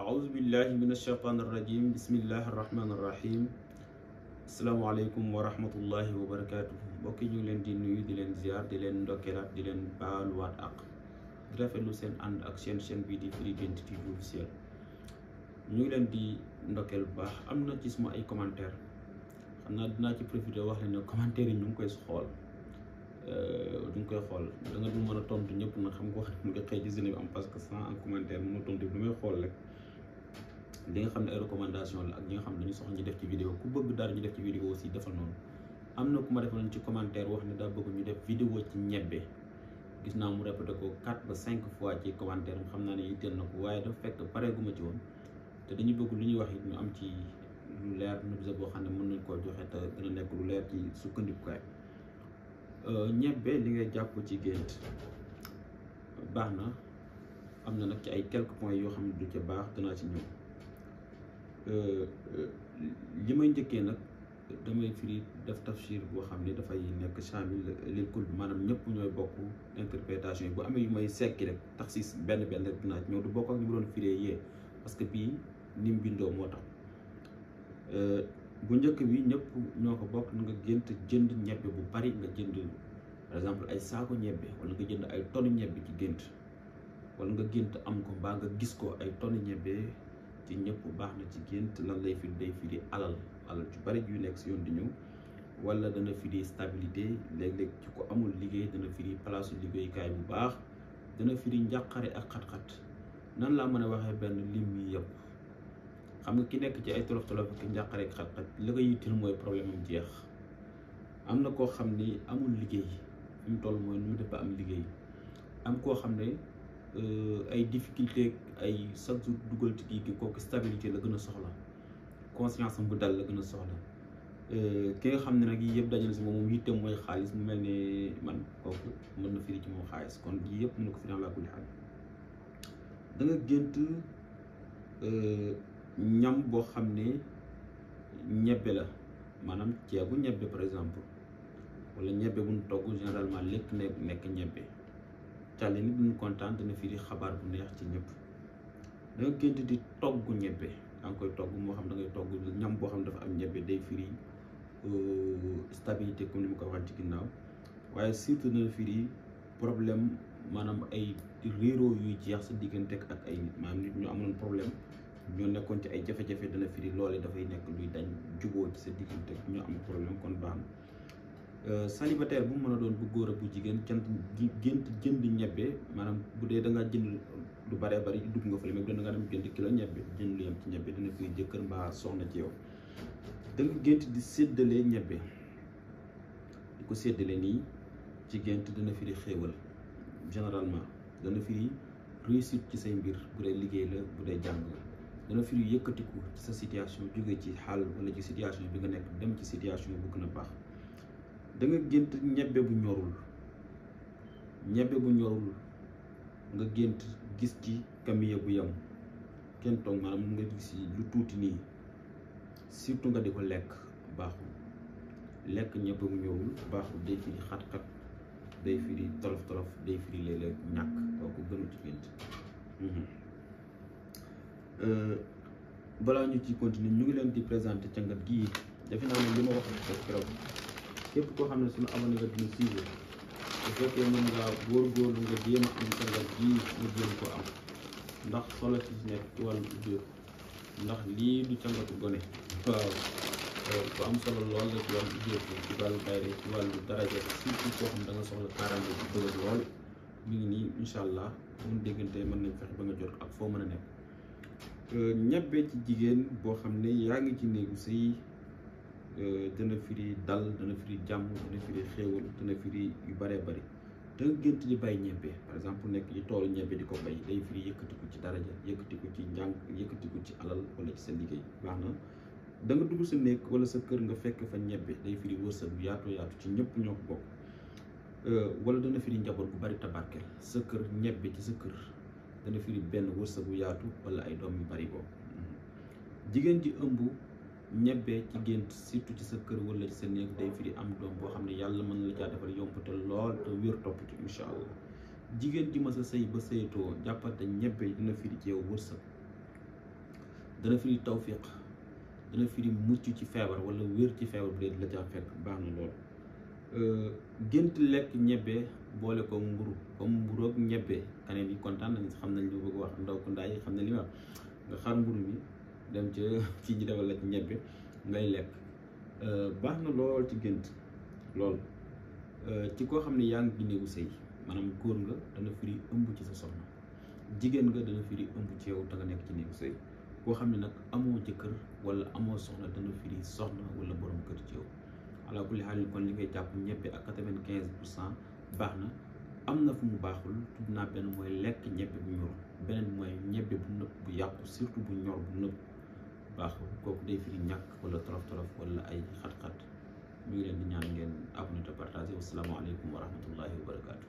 أعوذ بالله من الشيطان الرجيم بسم الله الرحمن الرحيم asalaamaaleykum wa rahmatullahi wa barakaatu mbokk yi ñu leen di nuyu di leen ziar di leen ndokkeelaat di leen baaluwaat ak di rafetlu seen ànd ak seen seen bii di Firi Guent TV ñu ngi leen di ndokkeel bu baax am na ci suma ay commentaire xam naa dinaa ci profité wax leen ne commentaire ñu ngi koy xool du euh, ngi koy xool da nga dul a tontu ñëpp nag xam nga mu nga xëy ci sene bi am parce que sans un commentaire mën a tontu bi lu xool rek li nga xam ne ay recommandation la ak ñi nga xam ne dañu soxla ñu def ci vidéo ku bëgg dara ñu def ci vidéo aussi defal noonu am na ku ma defal ci commentaire wax ne daa bëgg ñu def vidéo ci ñebbe gis naa mu répété ko 4 ba cinq fois ci commentaire am xam naa ne yitteel na ko waaye dafa fekk pareeguma ci woon te dañu bëgg lu ñuy wax it ñu am ci lu leer nobisa boo xam ne mën nañ koo joxe te gën a nekk lu leer ci sukkandikukaay euh, ñebbe li ngay jàpp ci gént baax na am na nag ci ay quelques points yoo xam ne du ca baax danaa ci ñëw Euh, euh, li may njëkkee nag damay firi def tafsir boo xam ne dafay nekk chamil lil bi maanaam ñëpp ñooy bokk interprétation yi bu amee yu may sekki rek tax si benn benn rek dinaa ñëw du bokk ak ñu mu doon firee yee parce que bii ni bindoo moo tax euh, bu njëkk bi ñëpp ñoo ko bokk nga gént jënd ñebbe bu bari nga jënd par exemple ay saako ñebbe wala nga jënd ay tonne ñebbe ci gént wala nga gént am ko mbaa nga gis ko ay tonne ñebbe ci ñëpp baax na ci gént lan lay firi day firi alal alal ju bari yu nekk si yoon di ñëw wala dana firi stabilité léeg-léeg ci ko amul liggéey dana firi palaasu liggéeyukaay bu baax dana firi njàqare ak xat-xat nan laa mën a waxee benn lim yi yëpp xam nga ki nekk ci ay tolof-tolof ak njàqare ak xat-xat la ko yittil mooy problème mu jeex am na koo xam ni amul liggéey fi mu toll mooy nu mu def am liggéey am koo xam ne euh, ay difficulté ay chaque jour dugal ci kii kooku stabilité la gën a soxla conscience am bu dal la gën a soxla euh, ki nga xam ne nag yii yëpp daje na si moom moom yitteem mooy xaalis mu mel ne man kooku mën na firi ci moom xaalis kon yii yëpp mën na ko firi àllaa kulli xaal da nga gént euh, ñam boo xam ne ñebbe la maanaam ceebu ñebbe par exemple wala ñebbe bu ñu togg généralement lépp nekk ñebbe càlle nit ñu kontaan dana firi xabaar bu neex ci ñëpp da nga gént di togg ñebbe da nga koy togg moo xam da ngay togg ñam boo xam dafa am ñebbe day firi euh, stabilité comme ni ma ko waxee ci ginnaaw waaye surtout dana firi problème maanaam ay réeroo yuy jeex sa diggante ak ay maam maanaam nit ñu amoon problème ñoo nekkoon ci ay jafe-jafe dana firi loole dafay nekk luy dañ juboo ci sa diggante ak ñu am problème kon baax na euh, célibataire bu mu mën a doon bu góor a bu jigéen cant gént jënd ñebbe maanaam bu dee da nga jënd du bëree bëri dugg nga fële mais bu dee da nga kilo ñebbe jënd yem ci ñebbe dina koy jëkkër mbaa soxna ci yow da gént di séddale ñebbe di ko séddale nii ci gént dana firi xéewal généralement dana firi réussite ci say mbir bu dee liggéey la bu dee jàng la dana firi yëkkatiku ci sa situation jóge ci xaal wala ci situation bi nga nekk dem ci situation bu gën a baax danga nga gént ñebbe bu ñorul ñebbe bu ñorul nga gént gis ci kamiya bu yem kenn toog maanaam nga si lu tuuti nii surtout nga di ko lekk baaxul lekk ñëpp mu ñëwul baaxul day firi xat-xat day firi tolof-tolof day firi léeg-léeg ñàkk kooku gënu ci gént mhm. euh, balaa ñu ci continuer ñu ngi leen di présenté cangat gii defe naa ne li ma wax ak keroog képp koo xam ne suñu abonné nga dina suivre fekkee mën ngaa góorgóorlu nga jéem am sa ji nga jéem ko am ndax solo ci nekk ci wàllu ubbeeku ndax lii du cangatu gone waaw bu euh, am solo lool la ci wàllu ubbeeku ci wàllu bayre ci wàllu daraja surtout koo xam da nga soxla kaaraange bëgg lool mu ngi nii incha allah mun déggante mën nañ fexe ba nga jot ak foo mën a nekk euh, ñebbe ci jigéen boo xam ne yaa ngi ci néegu si Euh, dana firi dal dana firi jàmm dana firi xéewal dana firi yu bëree bari da nga gént di bay ñebbe par exemple nekk ci toolu ñebbe di ko bay day firi yëkkatiku ci daraja yëkkatiku ci njàng yëkkatiku ci alal wala ci sa liggéey baax na da nga dugg sa néeg wala sa kër nga fekk fa ñebbe day firi wërsëg bu yaatu yaatu ci ñëpp ñoo ko bokk euh, wala dana firi njaboot bu bari tabarkel sa kër ñebbe ci sa kër dana firi benn wërsëg bu yaatu wala ay doom yu bari ñebee ci gént surtout ci sa kër wala ci sa néeg day firi am doom boo xam ne yàlla mën la caa defal yomb te lool te wér topp ci incha allah jigéen ji ma sa sëy ba sëyatoo jàppante ñebbe dina firi ci yow wërsëg dana firi tawfiq dana firi mucc ci feebar wala wér ci feebar bu dee la caa fekk baax na lool euh, gént lekk ñebbe boole ko mburu comme mburu ak ñebbe kaneen yi kontaan nañ xam nañ li ma bëgg wax ndaw ko ndaa yi xam ne li ma nga xar mburu dem ca kii ji defal la ñebbe ngay lekk euh, baax na lool ci gént lool euh, ci koo xam ne yaa ngi néegu sëy maanaam góor la dana firi ëmb ci sa soxna jigéen nga dana firi ëmb ci yow te nga nekk ci néegu sëy koo xam ne nag amoo jëkkër wala amoo soxna dana firi soxna wala borom kër ci yow ala kulli xaalin kon li ngay jàpp ñebbe ak quatre-vingt-quinze pour cent baax na am na fu mu baaxul tudd naa benn mooy lekk ñebbe bu ñor beneen mooy ñebbe bu nëb bu bu ñor bu baaxul kooku day firi ñàkk wala torof torof wala ay xat-xat mi ngi leen di ñaan ngeen abonné te partagé wassalaamu aleykum wa rahmatullahi wa barakaatu